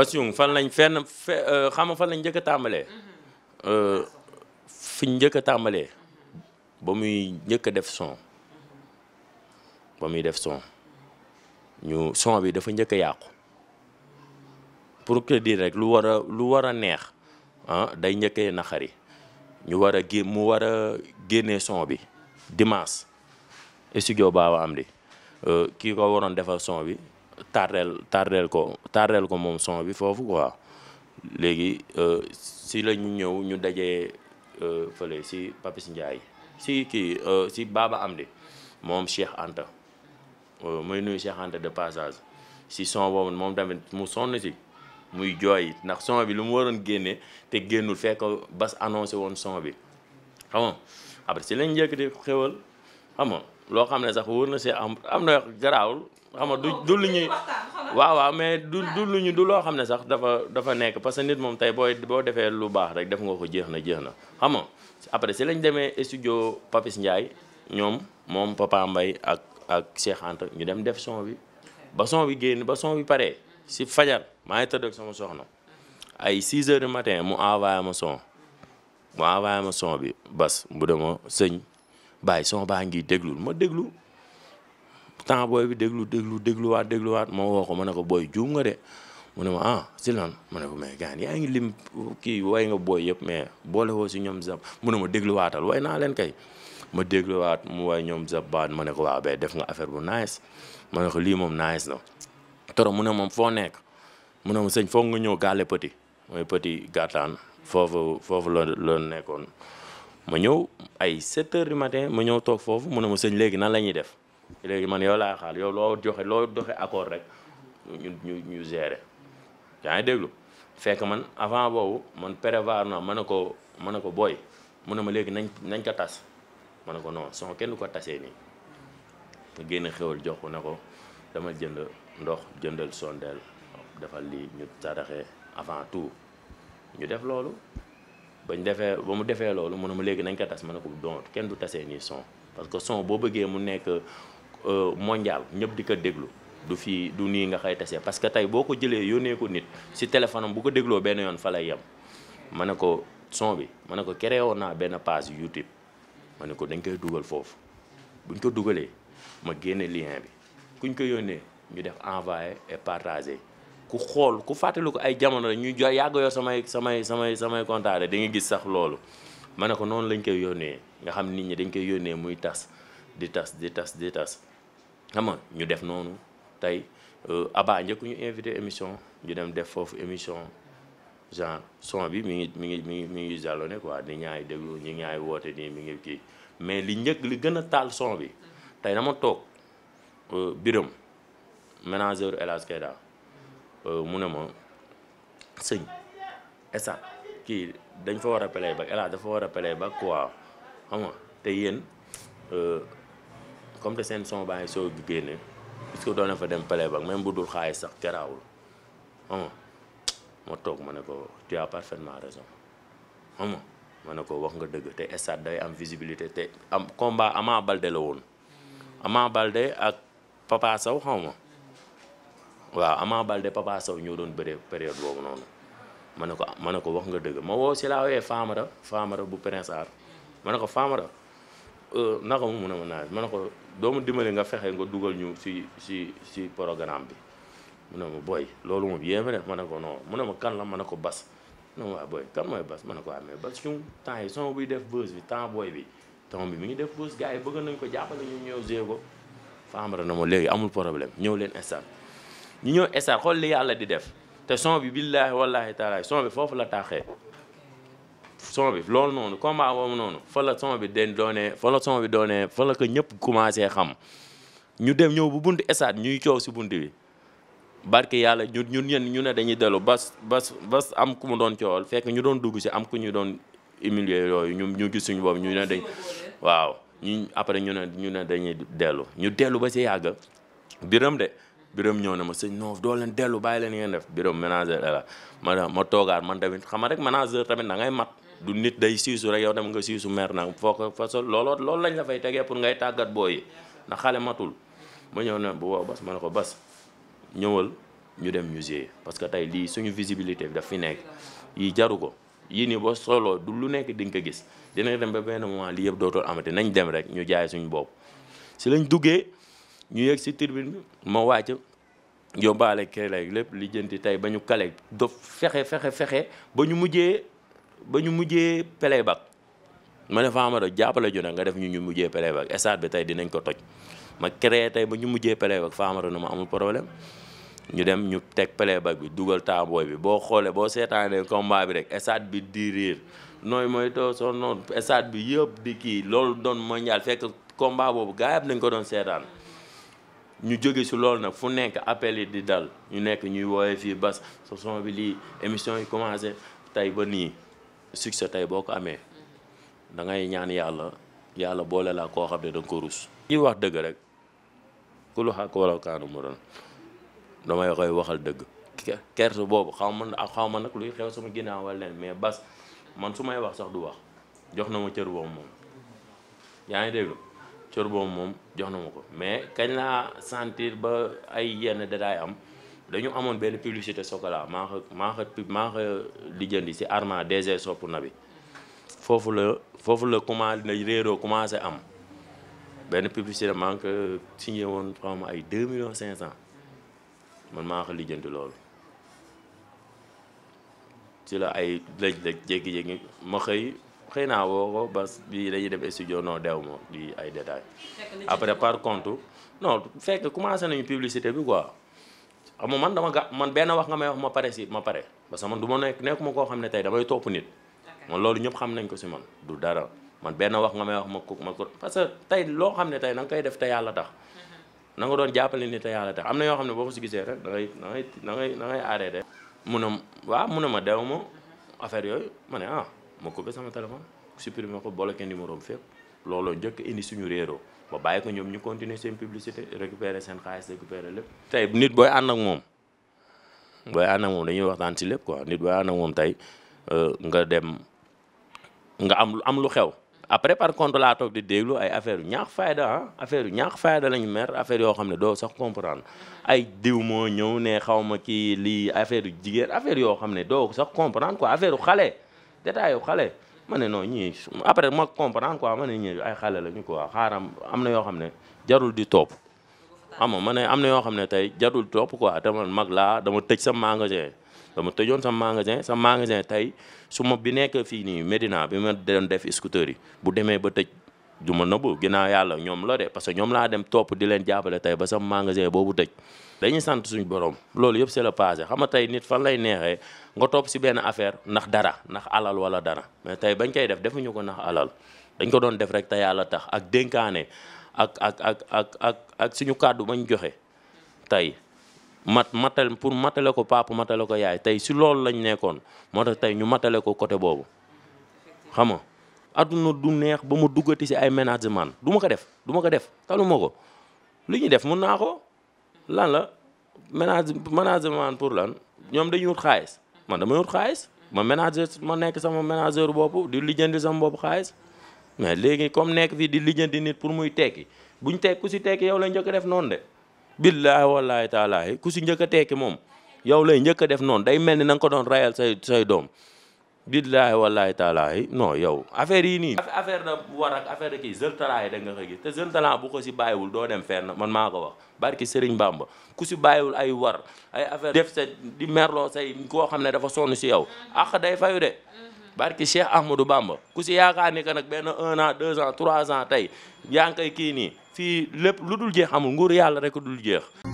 Bassirou fan lañ fenn fe euh, xam nga fan lañ njëkk tàmbalee. Mm-hmm. Euh, fiñ njëkk a tàmbalee. ba muy njëkk a def son. ba muy def son. ñu son bi dafa njëkk a yàqu. pour que rek lu war a lu war a neex ah day njëkkee naxari ñu war a gé mu war a génnee son bi dimanche baa Baba Amdi euh, kii ko waroon defal son bi. tardeel tardeel ko tardeel ko moom son bi foofu quoi léegi euh, si la ñëw ñu dajee euh, fële si Papis Ndiaye si kii euh, si Baba Amdi moom Cheikh Anta mooy nuyu Cheikh Anta de passage si son boobu moom tamit mu sonn si muy jooy ndax son bi lu mu waroon génne te génnul fekk bas annoncé woon son bi après si lañ njëkk di xewal xam nga loo xam ne sax wóor na see am am na garaawul xam nga du oh, du lu ñuy waaw waaw mais du du lu ñu du loo xam ne sax dafa dafa nekk parce que nit moom tey booy boo defee lu baax rek def nga ko jeex na jeex na xam après si lañ demee studio Papis Ndiaye ñoom moom Papa Mbaye ak ak Cheikh ñu dem def son bi ba son bi génn ba son bi pare si fajar maa ngi tëdd ak sama soxna ay 6 heures matin mu envoyé ma mu envoyé ma bi bas bu dema bàyyi son baa ngi déglul ma déglu temps booy bi déglu déglu dégluwaat dégluwaat ma ko ma ne ko booy juum nga de mu ne ma ah si lan ma ne ko mais gaan yaa ngi lim kii way nga booy yëpp mais boole woo si ñoom zap mu ne ma dégluwaatal way naa leen kay ma dégluwaat mu way ñoom zap baat ma ne ko waaw ba def nga affaire bu nice ma ne ko lii moom nice la toro mu ne moom foo nekk mu ne ma sëñ foo nga ñëw gaale petit mooy petit gàttaan foofu foofu la la nekkoon ma ñëw ay 7 heures du matin ma ñëw toog foofu mu ne ma sëñ léegi nan la ñuy def léegi man yow laa xaal yow loo joxe loo doxe accord rek ñu ñu ñu gérer yaa ngi déglu fekk man avant boobu man prévoir na ma ne ko ma ne ko booy mu ne ma léegi nañ nañ ko tas man ne ko non soo kenn du ko tasee nii ma génn xewal jox ko ne ko dama jënd ndox jëndal sondeel defal lii ñu saraxee avant tout ñu def loolu bañ defee ba mu defee loolu mu ne ma léegi nañ ko tas ma ne ko doon kenn du tasee nii son parce que son boo bëggee mu nekk euh, mondial ñëpp di ko déglu du fii du nii nga xay tasee parce que tey boo ko jëlee yónnee ko nit si téléphone bu ko dégloo benn yoon fa lay yem ma ne ko son bi ma ne ko créé woon naa benn page YouTube ma ne ko dañ koy dugal foofu buñ ko dugalee ma génne lien bi kuñ koy yónnee ñu def envoyé et partagé ku xool ku fàttaliku ko ay jamono la ñuy jox yàgg yoo samay samay samay samay di nga gis sax loolu ma ne ko noonu lañ koy yónnee nga xam nit ñi dañ koy yónnee muy tas di tas di tas di tas xam ñu def noonu tey euh, Abba njëkk ñu invité émission ñu dem def foofu émission genre son bi mu ngi mi ngi mi ngi mu ngi jàllone quoi ni ñaay déglu ñi ñaay woote nii mi ngi kii mais li njëkk li gën a taal son bi tey dama toog euh, biram manager El Euh, mu ne ma sëñ esa kii dañ fa war a play ba El Hadj dafa war a play back quoi xam nga te yéen euh, comme te seen son baa ngi soog a génne puisque doon na fa dem play ba même bu dul xaalis sax teraawul xam ma toog ma ne ko tu as parfaitement raison xam ma ne ko wax nga dëgg te stade day am visibilité te am combat Ama Baldé la woon Ama Baldé ak Papa saw xaw waaw Ama balde Papa Sow ñoo doon bëree période boobu noonu ma ne ko ma ne ko wax nga dëgg ma woo si laa wooyee faamara Famara bu Prince Art ma ne ko Famara euh, naka mu mun a mën a ma ne ko doomu dimbali nga fexe nga dugal ñu si si si programme bi mu ne ma boy loolu moom yéeme def ma ne ko non mu ne ma kan la ma ne ko bas mu ne ma boy kan mooy bas ma ne ko ah mais bas suñ temps yi son buy def buzz bi temps booy bi temps bi mi ngi def buzz gars yi bëgg nañ ko jàppale ñu ñëw jéego Famara na ma léegi amul problème ñëw leen instant. ñu ñëw estar xool li yàlla di def te son bi billaahi wallaahi taala son bi foofu la taaxe son bi loolu noonu combat boobu noonu fa la bi den doonee fa la son bi doonee fa la ñëpp commencé xam ñu dem ñëw bu bunt estar ñuy coow si bunt bi barke yàlla ñun ñun ñu ne dañuy dellu bas bas bas am ku mu doon coowal fekk ñu doon dugg si am ku ñu doon humilier yooyu ñu ñu gis suñu boobu ñu ne dañ waaw ñu après ñu ne ñu ne dañuy dellu ñu dellu ba si yàgg biram de biram ñëw na ma sëñ non doo leen dellu bàyyi leen ngeen def biram manager la ma ma man tamit xam rek manager tamit da ngay mat du nit day siisu rek yow tamit nga siisu mer na foo ko fa so loolu lañ la fay tegee pour ngay tàggat booy yi ndax xale matul ma ñëw na bu wow ma ne ko bas ñëwal ñu dem musée parce que tey lii suñu visibilité bi daf fi nekk yi jaru ko yii nii ba soloo du lu nekk di nga ko gis dina dem ba benn moment lii yëpp dootul amati nañ dem rek ñu jaay suñu bopp si lañ duggee. ñu yegg si tribune bi ma wàcc yóbbaale kereeg lépp lijjanti tey ba ñu kale do fexe fexe fexe ba ñu mujjee ba ñu mujjee playback ma ne Famara jàppale ju ne nga def ñu ñu mujjee playback stade bi tey dinañ ko toj ma créé tey ba ñu mujjee playback Famara na ma amul problème ñu dem ñu teg playback bi dugal taabooy bi boo xoolee boo seetaanee combat bi rek stade bi di riir nooy mooy too soo noonu stade bi yëpp di kii loolu doon mondial fekk combat boobu nañ ko doon seetaan ñu jóge si loolu nag fu nekk appel yi di dal ñu nekk ñuy woowee fii bas sa bi lii émission yi commencé tey ba nii sa tey boo ko amee da ngay ñaan yàlla yàlla boole laa koo xam ne da ko ruus ñuy wax dëgg rek ku lu xàq wala kaanu mu doon damay koy waxal dëgg. kerte boobu xaw ma xaw ma nag luy xew sama ginnaaw wala leen mais bas man su may wax sax du wax jox na ma cër boobu moom yaa ngi dégg. cër boobu moom jox na ma ko mais kañ laa sentir ba ay yenn détails am dañu amoon benn publicité Sokola maa ko maa ko maa ko lijjanti si Armand DG sopp na bi foofu la foofu la commencé na réeroo commencé am benn publicité maa ngi ko signé woon xam ay 2 millions 500 man maa ko lijjanti loolu ci la ay lëj-lëj jékki-jékki ma xëy. xëy naa woo ko parce que bii dañuy def studio noo dew ma di ay détails après par contre no fekk commencé nañu publicité bi quoi xam ah, man dama ga man benn wax nga may wax ma pare si ma pare parce que man du ma nekk xam ne tey damay topp nit man loolu ñëpp xam nañ ko si man du dara man benn wax nga may wax ma ko ma ko parce que tey loo xam ne tey nanga nga koy def te yàlla tax mhm. na nga doon jàppale ni te yàlla tax am na yoo xam ne boo ko si gisee rek da ngay da ngay da ngay da ngay arrêté waaw mu ne ma dew ma mhm. affaire yooyu ma ne ah ma coupé sama téléphone supprimer ko bloqué numéro am fépp looloo jëkk indi suñu réeroo ba bàyyi ko ñoom ñu continuer seen publicité récupérer seen xaalis récupérer lépp. tey nit booy ànd ak moom booy ànd ak moom dañuy waxtaan ci lépp quoi nit booy ànd ak moom tey euh, nga dem nga am am lu xew. après par contre laa toog di déglu ay affaire yu ñaax fayda ah yu ñaax fayda lañu mer affaire yoo xam ne doo sax comprendre ay diw moo ñëw ne xaw ma kii lii affaire yu jigéen affaire yoo xam ne doo sa comprendre quoi affaire yu xale. détail yu xale ma ne non ñii après mag comprendre quoi ma ne ñii ay xale la lañu quoi xaaram am na yoo xam ne jarul di topp. xam nga ma ne am na yoo xam ne tey jarul topp quoi dama mag laa dama tëj sa magasin dama tëjoon sa magasin sa magasin tey su ma bi nekk fii nii Medina bi ma doon def scooter yi bu demee ba tëj. du ma nëbbu ginnaaw yàlla ñoom la de parce que ñoom laa dem topp di leen jàppale tey ba sa magasin boobu tëj dañuy sant suñu borom loolu yëpp c'est la passé xam nga tey nit fan lay neexee nga topp si benn affaire ndax dara ndax alal wala dara mais tey bañ koy def defuñu ko ndax alal dañ ko doon def rek te yàlla tax ak dénkaane ak ak ak ak ak ak suñu kàddu bañ joxe tey mat matal pour matale ko papa matale ko yaay tey si loolu lañ nekkoon moo tax tey ñu matale ko côté boobu xam nga adduna du neex ba mu duggati si ay ménagement du ma ko def du ma ko def taluma ko li ñuy def mën ko lan la ménage management pour lan ñoom dañuy wut xaalis man damay wut xaalis ma ménager ma nekk sama ménageur bopp di lijjanti sama bopp xaalis mais léegi comme nekk fii di lijjanti nit pour muy tekki buñ tekk ku si tekki yow lay njëkk def noonu de billaahi wallaahi taalaahi ku si njëkk a tekki moom yow lay njëkk def noonu day mel ni na nga ko doon rayal say say doom billaahi wallaahi taalaahi non yow affaire yii nii. affaire da war ak affaire da kii Jeune Talent yi da nga ko gis te Jeune Talent bu ko si bàyyiwul doo dem fenn man maa ko wax barki Serigne Bamba ku si wul ay war ay affaire def sa di merloo say koo xam ne dafa sonn si yow ak day fayu de. Mhm. barki Cheikh Ahmadou Bamba ku si yaakaar ni que nag benn un an deux ans trois ans tey yaa ngi kii nii fii lépp lu dul jeex amul nguur yàlla rek dul jeex.